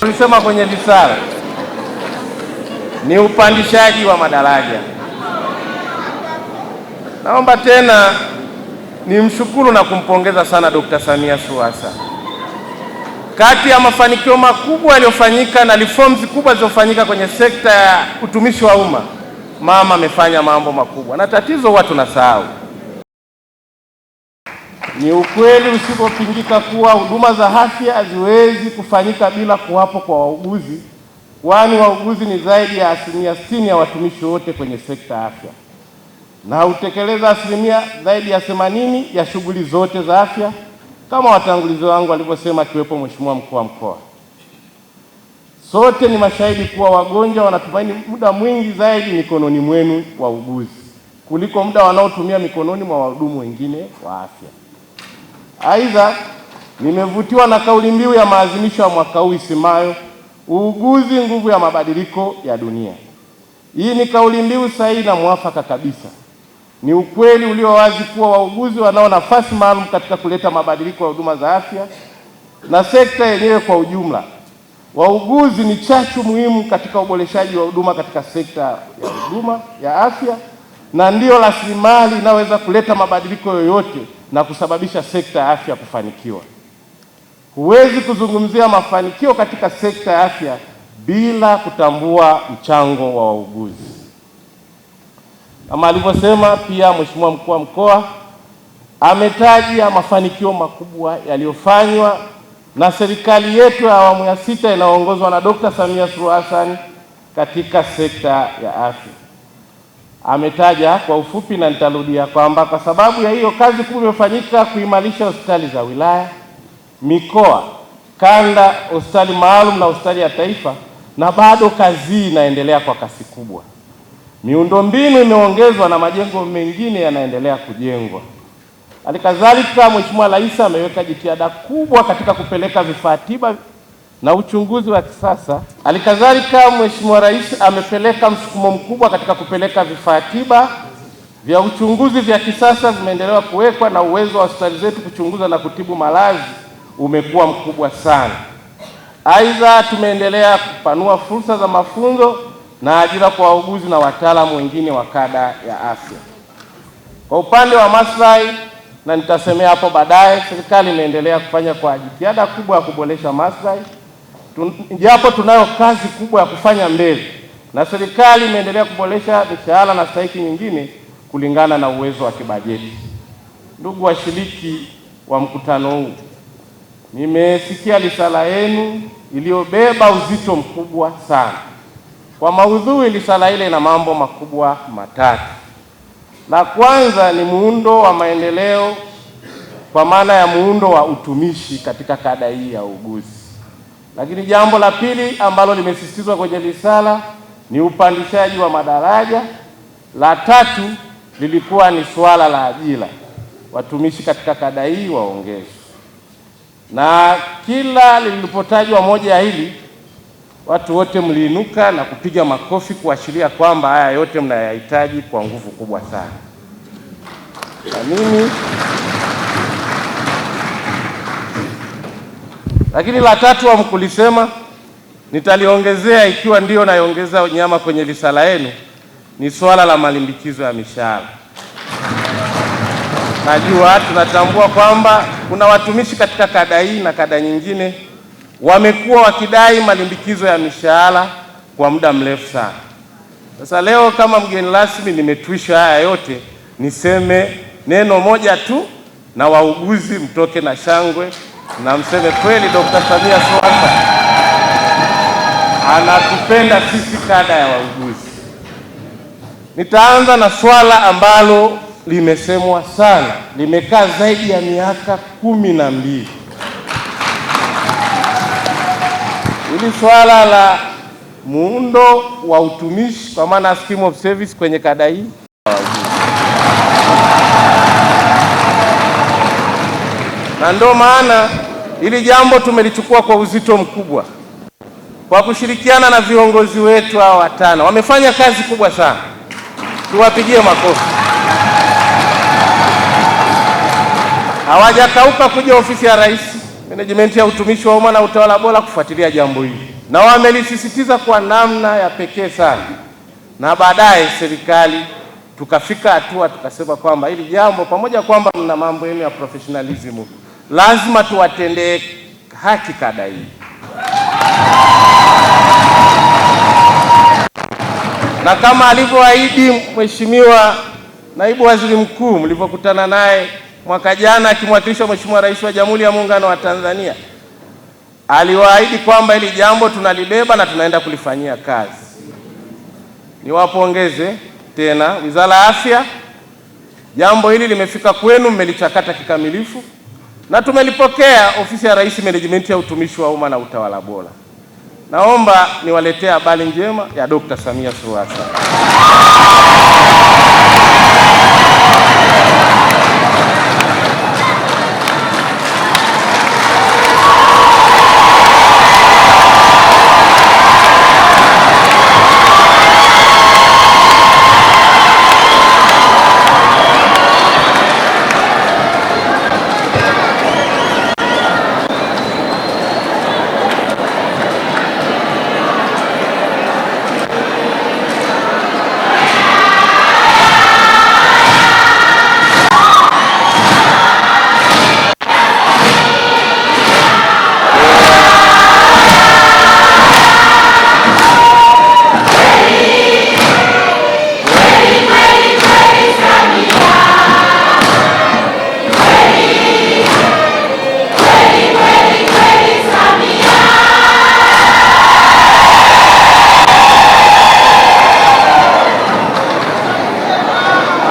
Tulisema kwenye risala ni upandishaji wa madaraja. Naomba tena nimshukuru na kumpongeza sana Dkt. Samia Suluhu Hassan. Kati ya mafanikio makubwa yaliyofanyika na reforms kubwa zilizofanyika kwenye sekta ya utumishi wa umma, mama amefanya mambo makubwa, na tatizo huwa tunasahau ni ukweli usipopingika kuwa huduma za afya haziwezi kufanyika bila kuwapo kwa wauguzi, kwani wauguzi ni zaidi ya asilimia sitini ya watumishi wote kwenye sekta ya afya na hutekeleza asilimia zaidi ya themanini ya shughuli zote za afya kama watangulizi wangu walivyosema, akiwepo Mheshimiwa mkuu wa mkoa. Sote ni mashahidi kuwa wagonjwa wanatumaini muda mwingi zaidi mikononi mwenu wauguzi kuliko muda wanaotumia mikononi mwa wahudumu wengine wa afya. Aidha, nimevutiwa na kauli mbiu ya maadhimisho ya mwaka huu isemayo uuguzi, nguvu ya mabadiliko ya dunia. Hii ni kauli mbiu sahihi na mwafaka kabisa. Ni ukweli ulio wazi kuwa wauguzi wanao nafasi maalum katika kuleta mabadiliko ya huduma za afya na sekta yenyewe kwa ujumla. Wauguzi ni chachu muhimu katika uboreshaji wa huduma katika sekta ya huduma ya afya na ndiyo rasilimali inayoweza kuleta mabadiliko yoyote na kusababisha sekta ya afya kufanikiwa. Huwezi kuzungumzia mafanikio katika sekta ya afya bila kutambua mchango wa wauguzi. Kama alivyosema pia Mheshimiwa mkuu wa mkoa, ametaja mafanikio makubwa yaliyofanywa na serikali yetu ya awamu ya sita inayoongozwa na Dkt. Samia Suluhu Hassan katika sekta ya afya ametaja kwa ufupi na nitarudia kwamba kwa sababu ya hiyo kazi kubwa imefanyika kuimarisha hospitali za wilaya, mikoa, kanda, hospitali maalum na hospitali ya taifa, na bado kazi hii inaendelea kwa kasi kubwa. Miundombinu imeongezwa na majengo mengine yanaendelea kujengwa. Halikadhalika, Mheshimiwa Rais ameweka jitihada kubwa katika kupeleka vifaa tiba na uchunguzi wa kisasa. alikadhalika Mheshimiwa Rais amepeleka msukumo mkubwa katika kupeleka vifaa tiba vya uchunguzi vya kisasa vimeendelewa kuwekwa na uwezo wa hospitali zetu kuchunguza na kutibu maradhi umekuwa mkubwa sana. Aidha, tumeendelea kupanua fursa za mafunzo na ajira kwa wauguzi na wataalamu wengine wa kada ya afya. Kwa upande wa maslahi, na nitasemea hapo baadaye, serikali imeendelea kufanya kwa jitihada kubwa ya kuboresha maslahi japo tunayo kazi kubwa ya kufanya mbele, na serikali imeendelea kuboresha mishahara na stahiki nyingine kulingana na uwezo wa kibajeti. Ndugu washiriki wa mkutano huu, nimesikia risala yenu iliyobeba uzito mkubwa sana. Kwa maudhui, risala ile ina mambo makubwa matatu. La kwanza ni muundo wa maendeleo, kwa maana ya muundo wa utumishi katika kada hii ya uuguzi lakini jambo la pili ambalo limesisitizwa kwenye risala ni upandishaji wa madaraja. La tatu lilikuwa ni suala la ajira, watumishi katika kada hii waongezwe. Na kila lilipotajwa moja ya hili, watu wote mliinuka na kupiga makofi kuashiria kwamba haya yote mnayahitaji kwa nguvu kubwa sana, na mimi Lakini la tatu hamkulisema, nitaliongezea ikiwa ndio naiongeza nyama kwenye visala yenu, ni swala la malimbikizo ya mishahara. Najua tunatambua kwamba kuna watumishi katika kada hii na kada nyingine wamekuwa wakidai malimbikizo ya mishahara kwa muda mrefu sana. Sasa leo kama mgeni rasmi, nimetuisha haya yote, niseme neno moja tu, na wauguzi mtoke na shangwe na mseme kweli, Dr. Samia Suluhu Hassan anatupenda sisi kada ya wauguzi. Nitaanza na swala ambalo limesemwa sana, limekaa zaidi ya miaka kumi na mbili, ili swala la muundo wa utumishi kwa maana scheme of service kwenye kada hii na ndio maana hili jambo tumelichukua kwa uzito mkubwa kwa kushirikiana na viongozi wetu hawa watano. Wamefanya kazi kubwa sana, tuwapigie makofi. Hawajakauka kuja ofisi ya Rais, management ya utumishi wa umma na utawala bora kufuatilia jambo hili, na wamelisisitiza kwa namna ya pekee sana, na baadaye serikali tukafika hatua tukasema kwamba hili jambo pamoja kwamba mna mambo yenu ya professionalism lazima tuwatendee haki kada hii. Na kama alivyoahidi Mheshimiwa Naibu Waziri Mkuu mlivyokutana naye mwaka jana akimwakilisha Mheshimiwa Rais wa Jamhuri ya Muungano wa Tanzania, aliwaahidi kwamba hili jambo tunalibeba na tunaenda kulifanyia kazi. Niwapongeze tena Wizara ya Afya, jambo hili limefika kwenu, mmelichakata kikamilifu na tumelipokea ofisi ya Rais Management ya utumishi wa umma na utawala bora. Naomba niwaletee habari njema ya Dr. Samia Suluhu Hassan.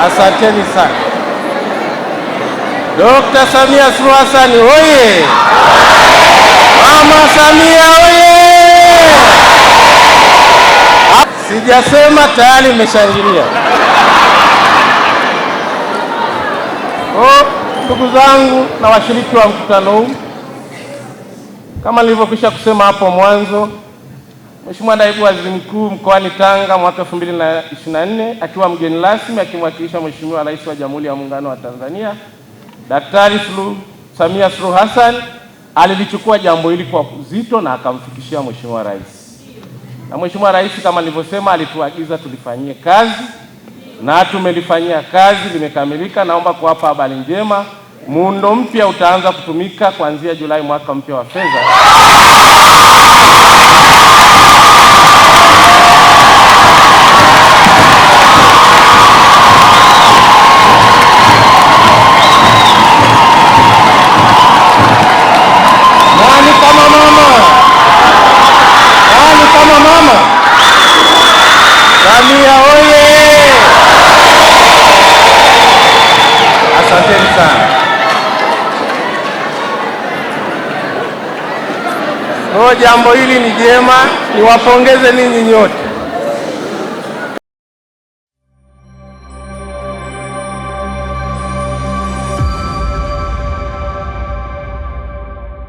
Asanteni sana. Dokta Samia Suluhu Hassan oye! Mama Samia oye! Sijasema tayari mmeshangilia. Ndugu zangu na washiriki wa mkutano huu, kama nilivyokwisha kusema hapo mwanzo Mheshimiwa Naibu Waziri Mkuu mkoani Tanga mwaka 2024 akiwa mgeni rasmi akimwakilisha Mheshimiwa Rais wa Jamhuri ya Muungano wa Tanzania Daktari Sulu, Samia Suluhu Hassan alilichukua jambo hili kwa uzito na akamfikishia Mheshimiwa Rais. Na Mheshimiwa Rais kama nilivyosema, alituagiza tulifanyie kazi na tumelifanyia kazi, limekamilika. Naomba kuwapa habari njema, muundo mpya utaanza kutumika kuanzia Julai mwaka mpya wa fedha Kwa hiyo jambo hili ni jema, niwapongeze ninyi nyote.